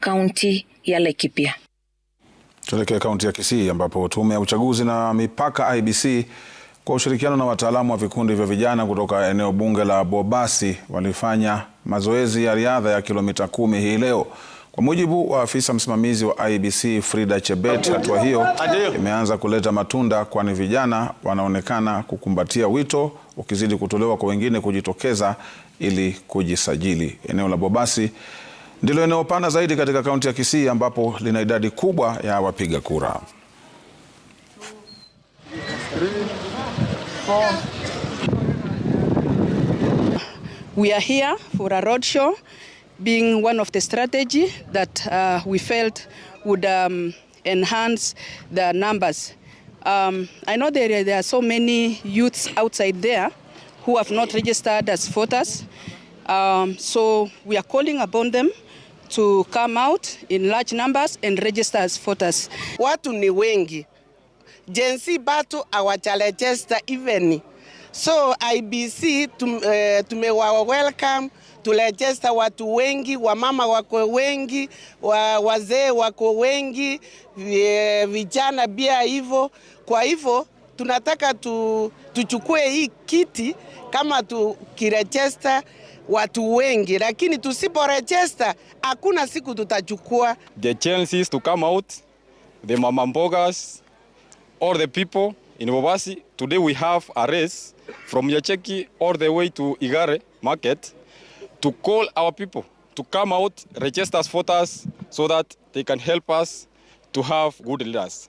kaunti ya Laikipia. Tuelekee kaunti ya Kisii ambapo tume ya uchaguzi na mipaka IEBC kwa ushirikiano na wataalamu wa vikundi vya vijana kutoka eneo bunge la Bobasi walifanya mazoezi ya riadha ya kilomita kumi hii leo. Kwa mujibu wa afisa msimamizi wa IEBC Frida Chebet, hatua hiyo imeanza kuleta matunda, kwani vijana wanaonekana kukumbatia wito ukizidi kutolewa kwa wengine kujitokeza ili kujisajili. Eneo la Bobasi ndilo eneo pana zaidi katika kaunti ya Kisii ambapo lina idadi kubwa ya wapiga kura. We are here for a roadshow being one of the strategy that uh, we felt would um, enhance the numbers. Um, I know there, there are so many youths outside there who have not registered as voters. Um, so we are calling upon them to come out in large numbers and register as voters. Watu ni wengi. Gen Z bado hawajarejista even. So IBC tum, uh, tumewa welcome turejista watu wengi, wamama wako wengi, wa, wazee wako wengi, vijana pia hivyo. Kwa hivyo tunataka tu, tuchukue hii kiti kama tukirejista watu wengi, lakini tusipo register hakuna siku tutachukua. The chance is to come out the mama mbogas or the people in Bobasi today we have a race from Yacheki all the way to Igare market to call our people to come out register as voters so that they can help us to have good leaders.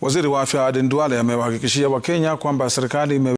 Waziri wa Afya Aden Duale amewahakikishia Wakenya kwamba serikali